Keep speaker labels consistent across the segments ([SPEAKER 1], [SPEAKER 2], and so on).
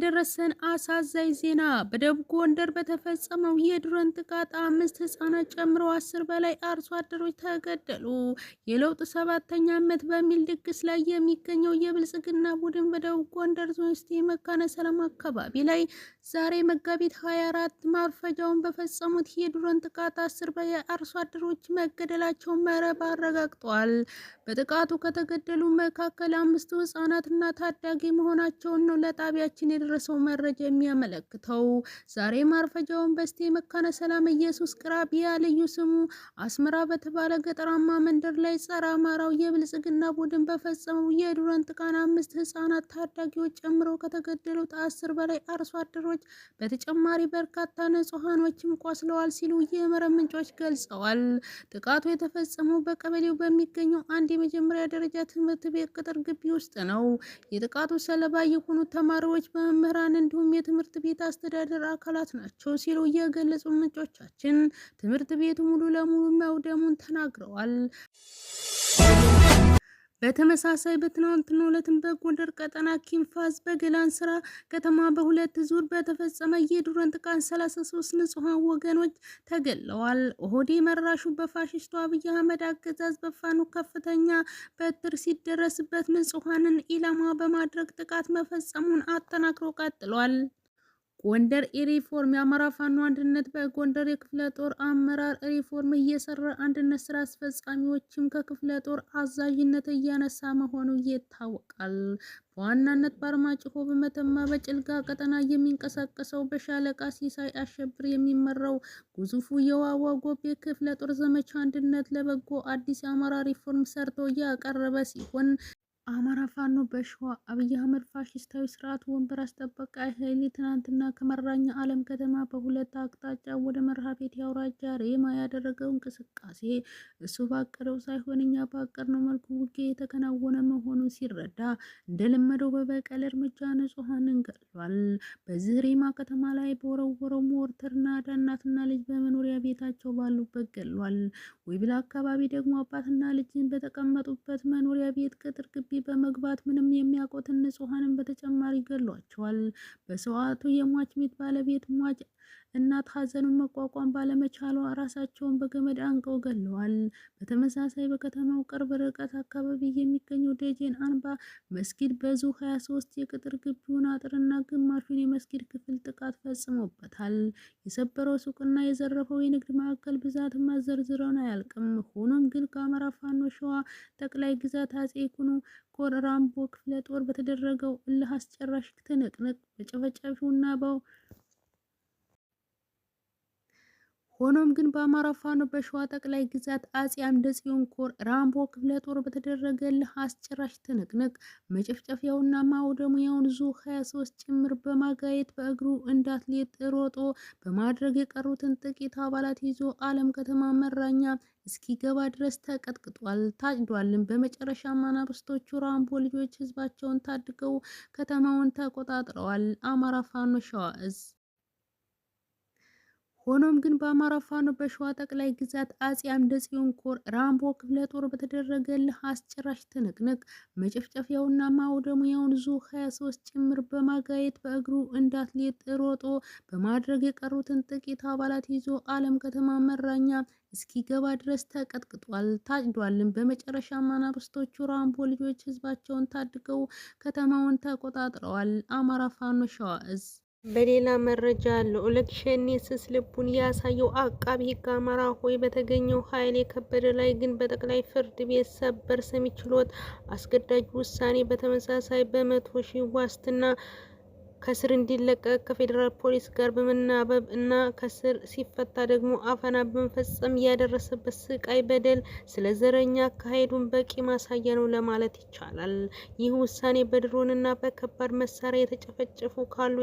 [SPEAKER 1] የደረሰን አሳዛኝ ዜና በደቡብ ጎንደር በተፈጸመው የድሮን ጥቃት አምስት ህጻናት ጨምሮ አስር በላይ አርሶ አደሮች ተገደሉ። የለውጥ ሰባተኛ ዓመት በሚል ድግስ ላይ የሚገኘው የብልጽግና ቡድን በደቡብ ጎንደር ዞን ውስጥ የመካነ ሰላም አካባቢ ላይ ዛሬ መጋቢት 24 ማርፈጃውን በፈጸሙት የድሮን ጥቃት አስር በላይ አርሶ አደሮች መገደላቸው መረብ አረጋግጧል። በጥቃቱ ከተገደሉ መካከል አምስቱ ህጻናትና ታዳጊ መሆናቸውን ነው ለጣቢያችን የደረሰው መረጃ የሚያመለክተው ዛሬ ማርፈጃውን በስቴ መካነ ሰላም ኢየሱስ ቅራቢያ ልዩ ስሙ አስመራ በተባለ ገጠራማ መንደር ላይ ጸረ አማራው የብልጽግና ቡድን በፈጸመው የድሮን ጥቃት አምስት ህጻናት ታዳጊዎች ጨምሮ ከተገደሉት አስር በላይ አርሶ አደሮች በተጨማሪ በርካታ ንጹሃኖችም ቆስለዋል ሲሉ የመረብ ምንጮች ገልጸዋል። ጥቃቱ የተፈጸመው በቀበሌው በሚገኘው አንድ የመጀመሪያ ደረጃ ትምህርት ቤት ቅጥር ግቢ ውስጥ ነው። የጥቃቱ ሰለባ የሆኑ ተማሪዎች በመ መምህራን እንዲሁም የትምህርት ቤት አስተዳደር አካላት ናቸው ሲሉ እየገለጹ ምንጮቻችን ትምህርት ቤቱ ሙሉ ለሙሉ መውደሙን ተናግረዋል። በተመሳሳይ በትናንትናው ዕለትም በጎንደር ቀጠና ኪንፋዝ በገላን ስራ ከተማ በሁለት ዙር በተፈጸመ የድሮን ጥቃት 33 ንጹሐን ወገኖች ተገለዋል። ኦህዴድ መራሹ በፋሽስቱ አብይ አህመድ አገዛዝ በፋኑ ከፍተኛ በትር ሲደረስበት ንጹሐንን ኢላማ በማድረግ ጥቃት መፈጸሙን አጠናክሮ ቀጥሏል። ጎንደር ሪፎርም የአማራ ፋኖ አንድነት በጎንደር የክፍለ ጦር አመራር ሪፎርም እየሰራ አንድነት ስራ አስፈጻሚዎችም ከክፍለ ጦር አዛዥነት እያነሳ መሆኑ ይታወቃል። በዋናነት በአርማጭሆ በመተማ በጭልጋ ቀጠና የሚንቀሳቀሰው በሻለቃ ሲሳይ አሸብር የሚመራው ግዙፉ የዋዋ ጎቤ ክፍለ ጦር ዘመቻ አንድነት ለበጎ አዲስ የአማራ ሪፎርም ሰርቶ ያቀረበ ሲሆን አማራ ፋኖ በሸዋ አብይ አህመድ ፋሽስታዊ ስርዓት ወንበር አስጠበቀ ኃይል ትናንትና ከመራኛ ዓለም ከተማ በሁለት አቅጣጫ ወደ መርሃ ቤት ያውራጃ ሬማ ያደረገው እንቅስቃሴ እሱ ባቀደው ሳይሆን እኛ ባቀድነው መልኩ ውጊያ የተከናወነ መሆኑን ሲረዳ እንደለመደው በበቀል እርምጃ ንጹሐንን ገድሏል። በዚህ ሬማ ከተማ ላይ በወረወረው ሞርተርና እናትና ልጅ በመኖሪያ ቤታቸው ባሉበት ገድሏል። ወይብላ አካባቢ ደግሞ አባትና ልጅን በተቀመጡበት መኖሪያ ቤት ቅጥር ግቢ በመግባት ምንም የሚያውቁትን ንጹሐንን በተጨማሪ ገሏቸዋል። በሰዋቱ የሟች ሚት ባለቤት ሟች እናት ሀዘኑን መቋቋም ባለመቻሏ ራሳቸውን በገመድ አንቀው ገለዋል። በተመሳሳይ በከተማው ቅርብ ርቀት አካባቢ የሚገኘው ደጀን አንባ መስጊድ በዙ 23 የቅጥር ግቢውን አጥርና ግማሹን የመስጊድ ክፍል ጥቃት ፈጽሞበታል። የሰበረው ሱቅና የዘረፈው የንግድ ማዕከል ብዛት ማዘርዝረውን አያልቅም። ሆኖም ግን ከአማራ ፋኖ ሸዋ ጠቅላይ ግዛት አጼ ይኩኖ ኮር ራምቦ ክፍለ ጦር በተደረገው እልህ አስጨራሽ ትንቅንቅ በው ሆኖም ግን በአማራ ፋኖ በሸዋ ጠቅላይ ግዛት አጼ አምደ ጽዮን ኮር ራምቦ ክፍለ ጦር በተደረገልህ አስጨራሽ ትንቅንቅ መጨፍጨፊያውና ማውደሙያውን ዙ 23 ጭምር በማጋየት በእግሩ እንደ አትሌት ሮጦ በማድረግ የቀሩትን ጥቂት አባላት ይዞ አለም ከተማ መራኛ እስኪገባ ድረስ ተቀጥቅጧል፣ ታጭዷልም። በመጨረሻ አናብስቶቹ ራምቦ ልጆች ህዝባቸውን ታድገው ከተማውን ተቆጣጥረዋል። አማራ ፋኖ ሸዋ እዝ ሆኖም ግን በአማራ ፋኖ በሸዋ ጠቅላይ ግዛት አጼ አምደ ኮር ራምቦ ክፍለ ጦር በተደረገልህ አስጨራሽ ትንቅንቅ መጨፍጨፊያውና ማውደሙያውን ዙ 23 ጭምር በማጋየት በእግሩ እንዳትሌት ሮጦ በማድረግ የቀሩትን ጥቂት አባላት ይዞ አለም ከተማ መራኛ እስኪገባ ድረስ ተቀጥቅጧል፣ ታጭዷልም። በመጨረሻ አናብስቶቹ ራምቦ ልጆች ህዝባቸውን ታድገው ከተማውን ተቆጣጥረዋል። አማራ ፋኖ ሸዋ እዝ በሌላ መረጃ ልዑል ሸኔ ስስ ልቡን ያሳየው አቃቢ ሕግ አማራ ሆይ በተገኘው ኃይሌ ከበደ ላይ ግን በጠቅላይ ፍርድ ቤት ሰበር ሰሚ ችሎት አስገዳጅ ውሳኔ በተመሳሳይ በመቶ ሺህ ዋስትና ከስር እንዲለቀቅ ከፌዴራል ፖሊስ ጋር በመናበብ እና ከስር ሲፈታ ደግሞ አፈና በመፈጸም ያደረሰበት ስቃይ በደል ስለ ዘረኛ አካሄዱን በቂ ማሳያ ነው ለማለት ይቻላል። ይህ ውሳኔ በድሮንና በከባድ መሳሪያ የተጨፈጨፉ ካሉ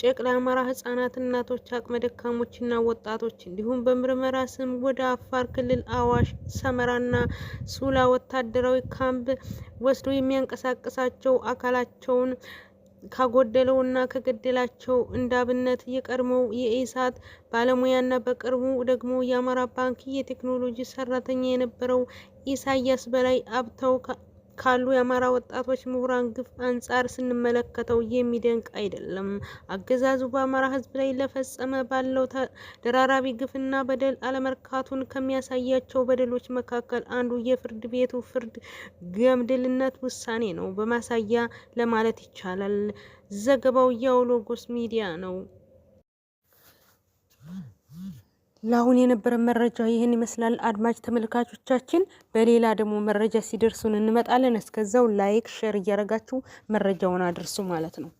[SPEAKER 1] ጨቅላ አማራ ህጻናት፣ እናቶች፣ አቅመ ደካሞችና ወጣቶች እንዲሁም በምርመራ ስም ወደ አፋር ክልል አዋሽ፣ ሰመራና ሱላ ወታደራዊ ካምፕ ወስዶ የሚያንቀሳቅሳቸው አካላቸውን ካጎደለውና ከገደላቸው እንደ አብነት የቀድሞው የኢሳት ባለሙያና በቅርቡ ደግሞ የአማራ ባንክ የቴክኖሎጂ ሰራተኛ የነበረው ኢሳያስ በላይ አብተው ካሉ የአማራ ወጣቶች ምሁራን ግፍ አንጻር ስንመለከተው የሚደንቅ አይደለም። አገዛዙ በአማራ ሕዝብ ላይ ለፈጸመ ባለው ተደራራቢ ግፍና በደል አለመርካቱን ከሚያሳያቸው በደሎች መካከል አንዱ የፍርድ ቤቱ ፍርድ ገምድልነት ውሳኔ ነው በማሳያ ለማለት ይቻላል። ዘገባው የአውሎጎስ ሚዲያ ነው። ለአሁን የነበረ መረጃ ይህን ይመስላል። አድማጭ ተመልካቾቻችን፣ በሌላ ደግሞ መረጃ ሲደርሱን እንመጣለን። እስከዛው ላይክ፣ ሼር እያደረጋችሁ መረጃውን አድርሱ ማለት ነው።